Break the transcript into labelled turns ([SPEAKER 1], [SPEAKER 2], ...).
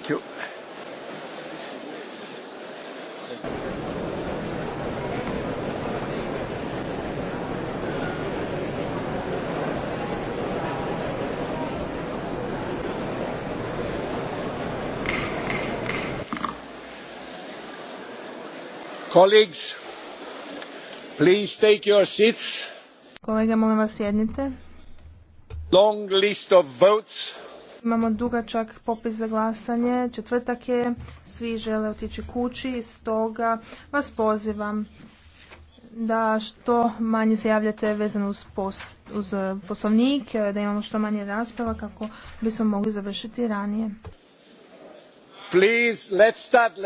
[SPEAKER 1] Thank you.
[SPEAKER 2] Colleagues,
[SPEAKER 3] please take your seats.
[SPEAKER 4] Kolega, molim vas sjednite.
[SPEAKER 3] Long list of votes
[SPEAKER 4] Imamo dugačak popis za glasanje, četvrtak je, svi žele otići kući i stoga vas pozivam da što manje se javljate vezano uz, post, e, poslovnik, e, da imamo što manje rasprava kako bismo mogli završiti ranije.
[SPEAKER 5] Please, let's start,